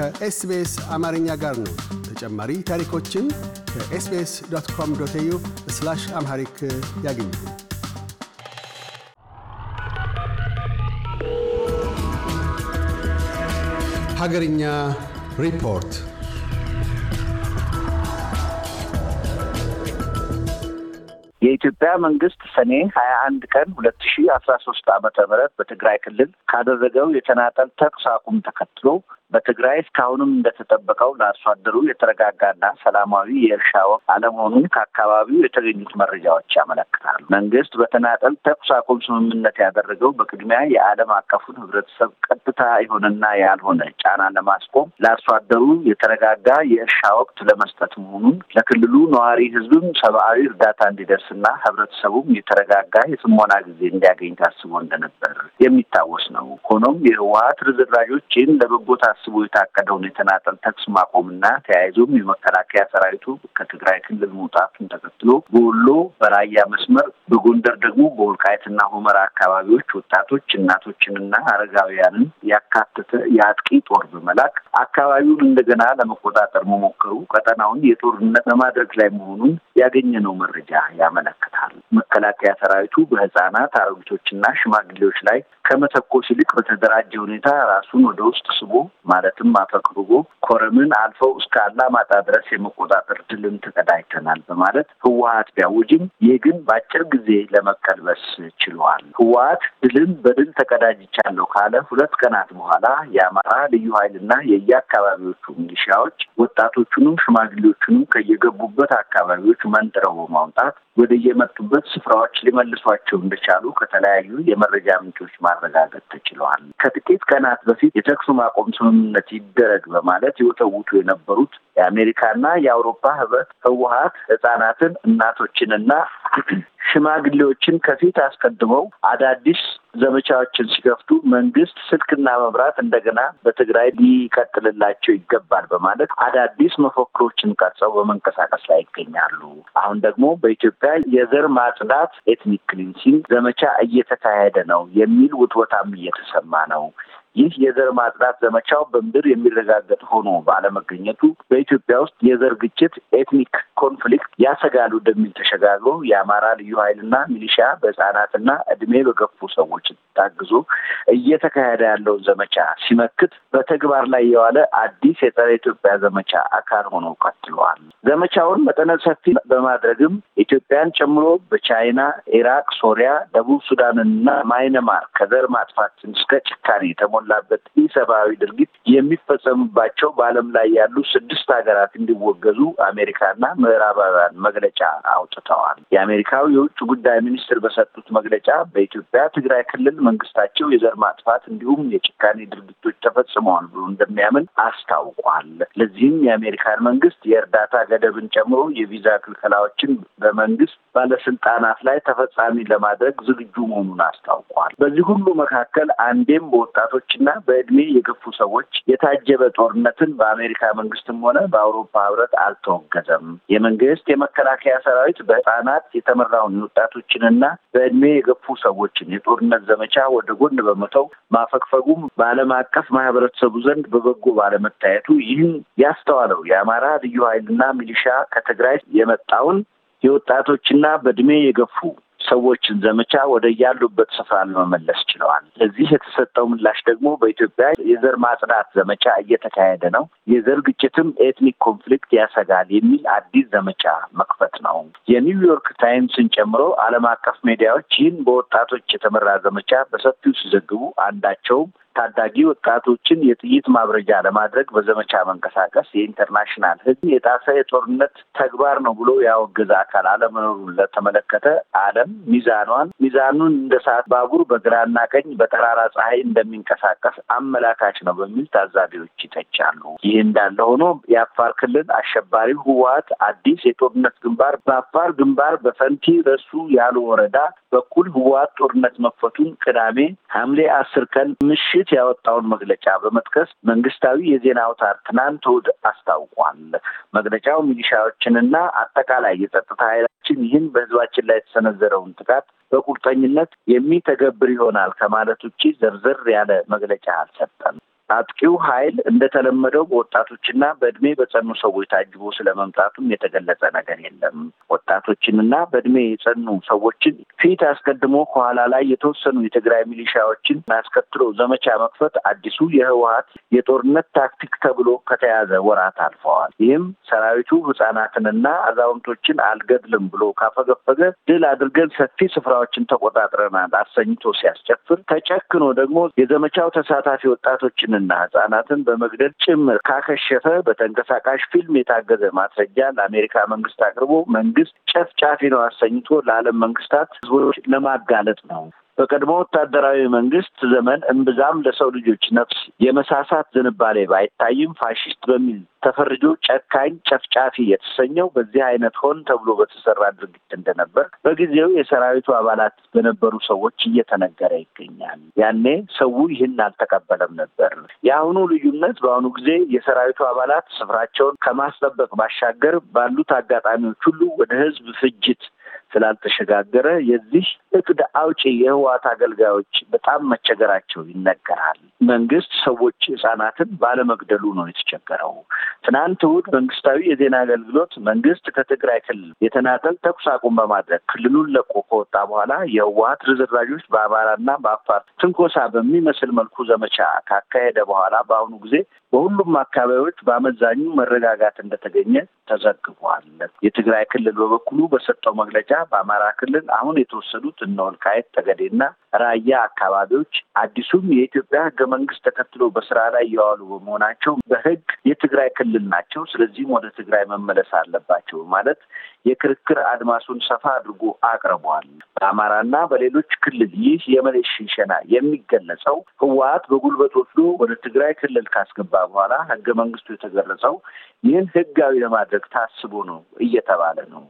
ከኤስቢኤስ አማርኛ ጋር ነው። ተጨማሪ ታሪኮችን ከኤስቢኤስ ዶት ኮም ዶት ዩ ስላሽ አምሃሪክ ያገኙ። ሀገርኛ ሪፖርት የኢትዮጵያ መንግስት ሰኔ ሀያ አንድ ቀን ሁለት ሺ አስራ ሶስት አመተ ምህረት በትግራይ ክልል ካደረገው የተናጠል ተኩስ አቁም ተከትሎ በትግራይ እስካሁንም እንደተጠበቀው ለአርሶ አደሩ የተረጋጋና ሰላማዊ የእርሻ ወቅት አለመሆኑን ከአካባቢው የተገኙት መረጃዎች ያመለክታሉ። መንግስት በተናጠል ተኩስ አቁም ስምምነት ያደረገው በቅድሚያ የዓለም አቀፉን ህብረተሰብ ቀጥታ የሆነና ያልሆነ ጫና ለማስቆም ለአርሶ አደሩ የተረጋጋ የእርሻ ወቅት ለመስጠት መሆኑን ለክልሉ ነዋሪ ህዝብም ሰብአዊ እርዳታ እንዲደርስና ህብረተሰቡም የተረጋጋ የስሞና ጊዜ እንዲያገኝ ታስቦ እንደነበር የሚታወስ ነው። ሆኖም የህወሀት ርዝራዦች ይህን ለበጎታ ታስቦ የታቀደውን የተናጠል ተኩስ ማቆምና ተያይዞም የመከላከያ ሰራዊቱ ከትግራይ ክልል መውጣቱን ተከትሎ በወሎ በራያ መስመር፣ በጎንደር ደግሞ በወልቃይትና ሁመራ አካባቢዎች ወጣቶች እናቶችንና አረጋውያንን ያካተተ የአጥቂ ጦር በመላክ አካባቢውን እንደገና ለመቆጣጠር መሞከሩ ቀጠናውን የጦርነት በማድረግ ላይ መሆኑን ያገኘነው መረጃ ያመለክታል። ይመለከታል። መከላከያ ሰራዊቱ በህጻናት አሮጊቶችና ሽማግሌዎች ላይ ከመተኮስ ይልቅ በተደራጀ ሁኔታ ራሱን ወደ ውስጥ ስቦ ማለትም አፈግፍጎ ኮረምን አልፈው እስከ አላማጣ ድረስ የመቆጣጠር ድልን ተቀዳጅተናል በማለት ህወሀት ቢያውጅም ይህ ግን በአጭር ጊዜ ለመቀልበስ ችሏል። ህወሀት ድልን በድል ተቀዳጅቻለሁ ካለ ሁለት ቀናት በኋላ የአማራ ልዩ ኃይልና የየአካባቢዎቹ ሚሊሻዎች ወጣቶቹንም ሽማግሌዎቹንም ከየገቡበት አካባቢዎች መንጥረው በማውጣት ወደ የመጡበት ስፍራዎች ሊመልሷቸው እንደቻሉ ከተለያዩ የመረጃ ምንጮች ማረጋገጥ ተችለዋል። ከጥቂት ቀናት በፊት የተኩስ ማቆም ስምምነት ይደረግ በማለት የወተውቱ የነበሩት የአሜሪካና የአውሮፓ ህብረት ህወሀት ህጻናትን እናቶችንና ሽማግሌዎችን ከፊት አስቀድመው አዳዲስ ዘመቻዎችን ሲከፍቱ መንግስት ስልክና መብራት እንደገና በትግራይ ሊቀጥልላቸው ይገባል በማለት አዳዲስ መፈክሮችን ቀርጸው በመንቀሳቀስ ላይ ይገኛሉ። አሁን ደግሞ በኢትዮጵያ የዘር ማጽዳት ኤትኒክ ክሊንሲንግ ዘመቻ እየተካሄደ ነው የሚል ውትወታም እየተሰማ ነው። ይህ የዘር ማጽዳት ዘመቻው በምድር የሚረጋገጥ ሆኖ ባለመገኘቱ በኢትዮጵያ ውስጥ የዘር ግጭት ኤትኒክ ኮንፍሊክት ያሰጋሉ ወደሚል ተሸጋግሮ የአማራ ልዩ ኃይልና ሚሊሻ በህጻናትና እድሜ በገፉ ሰዎች ታግዞ እየተካሄደ ያለውን ዘመቻ ሲመክት በተግባር ላይ የዋለ አዲስ የጸረ ኢትዮጵያ ዘመቻ አካል ሆኖ ቀጥለዋል። ዘመቻውን መጠነ ሰፊ በማድረግም ኢትዮጵያን ጨምሮ በቻይና፣ ኢራቅ፣ ሶሪያ፣ ደቡብ እና ማይነማር ከዘር ማጥፋት እስከ ጭካኔ የተሞላበት ኢሰብአዊ ድርጊት የሚፈጸምባቸው በዓለም ላይ ያሉ ስድስት ሀገራት እንዲወገዙ አሜሪካና ምዕራባውያን መግለጫ አውጥተዋል። የአሜሪካው የውጭ ጉዳይ ሚኒስትር በሰጡት መግለጫ በኢትዮጵያ ትግራይ ክልል መንግስታቸው የዘር ማጥፋት እንዲሁም የጭካኔ ድርጊቶች ተፈጽመዋል ብሎ እንደሚያምን አስታውቋል። ለዚህም የአሜሪካን መንግስት የእርዳታ ገደብን ጨምሮ የቪዛ ክልከላዎችን በመንግስት ባለስልጣናት ላይ ተፈጻሚ ለማድረግ ዝግጁ መሆኑን አስታውቋል። በዚህ ሁሉ መካከል አንዴም በወጣቶችና በእድሜ የገፉ ሰዎች የታጀበ ጦርነትን በአሜሪካ መንግስትም ሆነ በአውሮፓ ህብረት አልተወገዘም። የመንግስት የመከላከያ ሰራዊት በህፃናት የተመራውን የወጣቶችንና በእድሜ የገፉ ሰዎችን የጦርነት ዘመቻ ወደ ጎን በመተው ማፈግፈጉም በዓለም አቀፍ ማህበረተሰቡ ዘንድ በበጎ ባለመታየቱ ይህን ያስተዋለው የአማራ ልዩ ኃይልና ሚሊሻ ከትግራይ የመጣውን የወጣቶችና በእድሜ የገፉ ሰዎችን ዘመቻ ወደ ያሉበት ስፍራ ለመመለስ ችለዋል። ለዚህ የተሰጠው ምላሽ ደግሞ በኢትዮጵያ የዘር ማጽዳት ዘመቻ እየተካሄደ ነው። የዘር ግጭትም ኤትኒክ ኮንፍሊክት ያሰጋል የሚል አዲስ ዘመቻ መክፈት ነው። የኒውዮርክ ታይምስን ጨምሮ ዓለም አቀፍ ሚዲያዎች ይህን በወጣቶች የተመራ ዘመቻ በሰፊው ሲዘግቡ አንዳቸውም ታዳጊ ወጣቶችን የጥይት ማብረጃ ለማድረግ በዘመቻ መንቀሳቀስ የኢንተርናሽናል ሕግ የጣሰ የጦርነት ተግባር ነው ብሎ ያወገዘ አካል አለመኖሩን ለተመለከተ ዓለም ሚዛኗን ሚዛኑን እንደ ሰዓት ባቡር በግራና ቀኝ በጠራራ ፀሐይ እንደሚንቀሳቀስ አመላካች ነው በሚል ታዛቢዎች ይተቻሉ። ይህ እንዳለ ሆኖ የአፋር ክልል አሸባሪው ህወሓት አዲስ የጦርነት ግንባር በአፋር ግንባር በፈንቲ ረሱ ያሉ ወረዳ በኩል ህወሓት ጦርነት መፈቱን ቅዳሜ ሐምሌ አስር ቀን ምሽት ኤጀንሲ ያወጣውን መግለጫ በመጥቀስ መንግስታዊ የዜና አውታር ትናንት እሑድ አስታውቋል። መግለጫው ሚሊሻዎችንና አጠቃላይ የጸጥታ ኃይላችን ይህን በህዝባችን ላይ የተሰነዘረውን ጥቃት በቁርጠኝነት የሚተገብር ይሆናል ከማለት ውጭ ዘርዝር ያለ መግለጫ አልሰጠም። አጥቂው ኃይል እንደተለመደው በወጣቶችና በእድሜ በጸኑ ሰዎች ታጅቦ ስለመምጣቱም የተገለጸ ነገር የለም። ወጣቶችንና በእድሜ የጸኑ ሰዎችን ፊት አስቀድሞ ከኋላ ላይ የተወሰኑ የትግራይ ሚሊሻዎችን አስከትሎ ዘመቻ መክፈት አዲሱ የህወሀት የጦርነት ታክቲክ ተብሎ ከተያዘ ወራት አልፈዋል። ይህም ሰራዊቱ ህጻናትንና አዛውንቶችን አልገድልም ብሎ ካፈገፈገ ድል አድርገን ሰፊ ስፍራዎችን ተቆጣጥረናል አሰኝቶ ሲያስጨፍር ተጨክኖ ደግሞ የዘመቻው ተሳታፊ ወጣቶችን ሴቶችንና ህጻናትን በመግደል ጭምር ካከሸፈ በተንቀሳቃሽ ፊልም የታገዘ ማስረጃ ለአሜሪካ መንግስት አቅርቦ መንግስት ጨፍጫፊ ነው አሰኝቶ ለዓለም መንግስታት ህዝቦች ለማጋለጥ ነው። በቀድሞ ወታደራዊ መንግስት ዘመን እምብዛም ለሰው ልጆች ነፍስ የመሳሳት ዝንባሌ ባይታይም ፋሽስት በሚል ተፈርጆ ጨካኝ ጨፍጫፊ የተሰኘው በዚህ አይነት ሆን ተብሎ በተሰራ ድርጊት እንደነበር በጊዜው የሰራዊቱ አባላት በነበሩ ሰዎች እየተነገረ ይገኛል። ያኔ ሰው ይህን አልተቀበለም ነበር። የአሁኑ ልዩነት በአሁኑ ጊዜ የሰራዊቱ አባላት ስፍራቸውን ከማስጠበቅ ባሻገር ባሉት አጋጣሚዎች ሁሉ ወደ ህዝብ ፍጅት ስላልተሸጋገረ የዚህ እቅድ አውጪ የህወሓት አገልጋዮች በጣም መቸገራቸው ይነገራል። መንግስት ሰዎች ህጻናትን ባለመግደሉ ነው የተቸገረው። ትናንት እሑድ መንግስታዊ የዜና አገልግሎት መንግስት ከትግራይ ክልል የተናጠል ተኩስ አቁም በማድረግ ክልሉን ለቆ ከወጣ በኋላ የህወሓት ርዝራዦች በአማራና በአፋር ትንኮሳ በሚመስል መልኩ ዘመቻ ካካሄደ በኋላ በአሁኑ ጊዜ በሁሉም አካባቢዎች በአመዛኙ መረጋጋት እንደተገኘ ተዘግቧል። የትግራይ ክልል በበኩሉ በሰጠው መግለጫ በአማራ ክልል አሁን የተወሰዱት እነ ወልቃይት ጠገዴና ራያ አካባቢዎች አዲሱም የኢትዮጵያ ህገ መንግስት ተከትሎ በስራ ላይ የዋሉ በመሆናቸው በህግ የትግራይ ክልል ናቸው። ስለዚህም ወደ ትግራይ መመለስ አለባቸው ማለት የክርክር አድማሱን ሰፋ አድርጎ አቅርቧል። በአማራና በሌሎች ክልል ይህ የመለስ ሽንሸና የሚገለጸው ህወሀት በጉልበት ወስዶ ወደ ትግራይ ክልል ካስገባ በኋላ ህገ መንግስቱ የተገረጸው ይህን ህጋዊ ለማድረግ ታስቦ ነው እየተባለ ነው።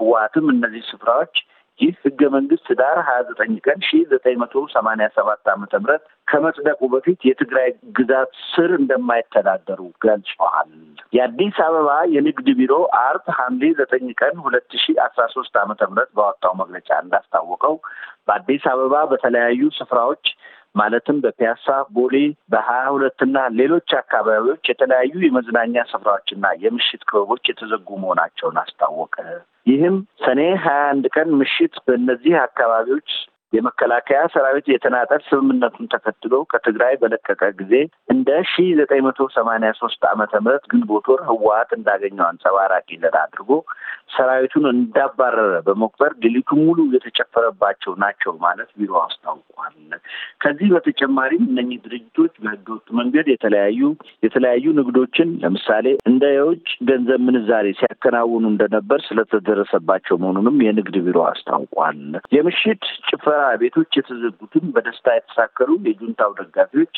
ህወሀትም እነዚህ ስፍራዎች ይህ ህገ መንግስት ዳር ሀያ ዘጠኝ ቀን ሺ ዘጠኝ መቶ ሰማኒያ ሰባት አመተ ምህረት ከመጽደቁ በፊት የትግራይ ግዛት ስር እንደማይተዳደሩ ገልጸዋል። የአዲስ አበባ የንግድ ቢሮ አርብ ሐምሌ ዘጠኝ ቀን ሁለት ሺ አስራ ሶስት አመተ ምህረት ባወጣው መግለጫ እንዳስታወቀው በአዲስ አበባ በተለያዩ ስፍራዎች ማለትም በፒያሳ፣ ቦሌ፣ በሀያ ሁለትና ሌሎች አካባቢዎች የተለያዩ የመዝናኛ ስፍራዎችና የምሽት ክበቦች የተዘጉ መሆናቸውን አስታወቀ። ይህም ሰኔ ሀያ አንድ ቀን ምሽት በእነዚህ አካባቢዎች የመከላከያ ሰራዊት የተናጠል ስምምነቱን ተከትሎ ከትግራይ በለቀቀ ጊዜ እንደ ሺ ዘጠኝ መቶ ሰማኒያ ሶስት ዓመተ ምህረት ግንቦት ወር ህወሀት እንዳገኘው አንጸባራቂ ድል አድርጎ ሰራዊቱን እንዳባረረ በመቁጠር ድሊቱ ሙሉ የተጨፈረባቸው ናቸው ማለት ቢሮ አስታውቋል። ከዚህ በተጨማሪም እነኚህ ድርጅቶች በህገወጥ መንገድ የተለያዩ የተለያዩ ንግዶችን ለምሳሌ እንደ የውጭ ገንዘብ ምንዛሬ ሲያከናውኑ እንደነበር ስለተደረሰባቸው መሆኑንም የንግድ ቢሮ አስታውቋል። የምሽት ጭፈራ ቤቶች የተዘጉትን በደስታ የተሳከሩ የጁንታው ደጋፊዎች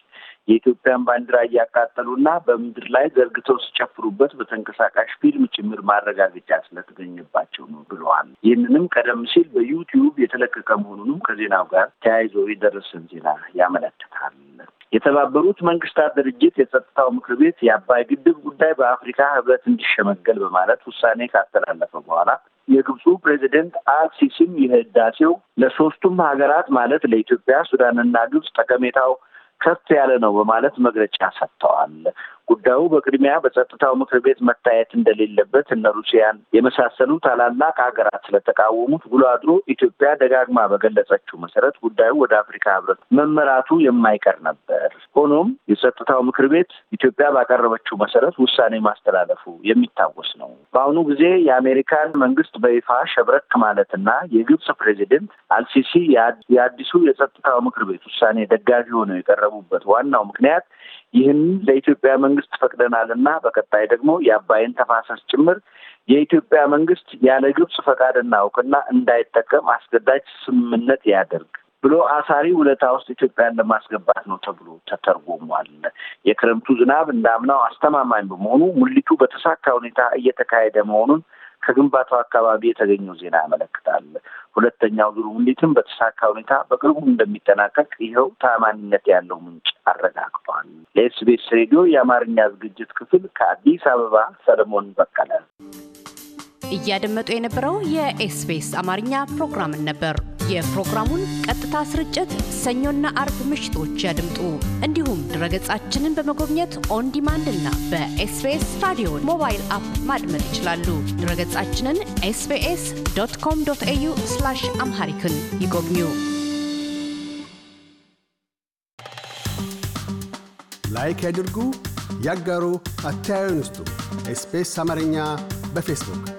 የኢትዮጵያን ባንዲራ እያቃጠሉና በምድር ላይ ዘርግተው ሲጨፍሩበት በተንቀሳቃሽ ፊልም ጭምር ማረጋገጫ ስለተገኘባቸው ነው ብለዋል። ይህንንም ቀደም ሲል በዩቲዩብ የተለቀቀ መሆኑንም ከዜናው ጋር ተያይዞ የደረሰን ዜና ያመለክታል። የተባበሩት መንግስታት ድርጅት የጸጥታው ምክር ቤት የአባይ ግድብ ጉዳይ በአፍሪካ ህብረት እንዲሸመገል በማለት ውሳኔ ካስተላለፈ በኋላ የግብፁ ፕሬዚደንት አልሲሲም የህዳሴው ለሶስቱም ሀገራት ማለት ለኢትዮጵያ፣ ሱዳንና ግብፅ ጠቀሜታው ከፍ ያለ ነው በማለት መግለጫ ሰጥተዋል። ጉዳዩ በቅድሚያ በጸጥታው ምክር ቤት መታየት እንደሌለበት እነ ሩሲያን የመሳሰሉ ታላላቅ ሀገራት ስለተቃወሙት ውሎ አድሮ ኢትዮጵያ ደጋግማ በገለጸችው መሰረት ጉዳዩ ወደ አፍሪካ ህብረት መመራቱ የማይቀር ነበር። ሆኖም የጸጥታው ምክር ቤት ኢትዮጵያ ባቀረበችው መሰረት ውሳኔ ማስተላለፉ የሚታወስ ነው። በአሁኑ ጊዜ የአሜሪካን መንግስት በይፋ ሸብረክ ማለትና የግብጽ ፕሬዚደንት አልሲሲ የአዲሱ የጸጥታው ምክር ቤት ውሳኔ ደጋፊ ሆነው የቀረቡበት ዋናው ምክንያት ይህን ለኢትዮጵያ መንግስት ፈቅደናል እና በቀጣይ ደግሞ የአባይን ተፋሰስ ጭምር የኢትዮጵያ መንግስት ያለ ግብጽ ፈቃድ እውቅና እንዳይጠቀም አስገዳጅ ስምምነት ያደርግ ብሎ አሳሪ ውለታ ውስጥ ኢትዮጵያን ለማስገባት ነው ተብሎ ተተርጉሟል። የክረምቱ ዝናብ እንዳምናው አስተማማኝ በመሆኑ ሙሊቱ በተሳካ ሁኔታ እየተካሄደ መሆኑን ከግንባታው አካባቢ የተገኘው ዜና ያመለክታል። ሁለተኛው ዙር ሙሊትም በተሳካ ሁኔታ በቅርቡ እንደሚጠናቀቅ ይኸው ታማኝነት ያለው ምንጭ አረጋግጧል። ለኤስቢኤስ ሬዲዮ የአማርኛ ዝግጅት ክፍል ከአዲስ አበባ ሰለሞን በቀለ። እያደመጡ የነበረው የኤስቢኤስ አማርኛ ፕሮግራምን ነበር። የፕሮግራሙን ቀጥታ ስርጭት ሰኞና አርብ ምሽቶች ያድምጡ። እንዲሁም ድረገጻችንን በመጎብኘት ኦን ዲማንድ እና በኤስቤስ ራዲዮ ሞባይል አፕ ማድመጥ ይችላሉ። ድረገጻችንን ኤስቤስ ዶት ኮም ዶት ኤዩ አምሃሪክን ይጎብኙ። ላይክ ያድርጉ፣ ያጋሩ፣ አስተያየትዎን ይስጡ። ኤስፔስ አማርኛ በፌስቡክ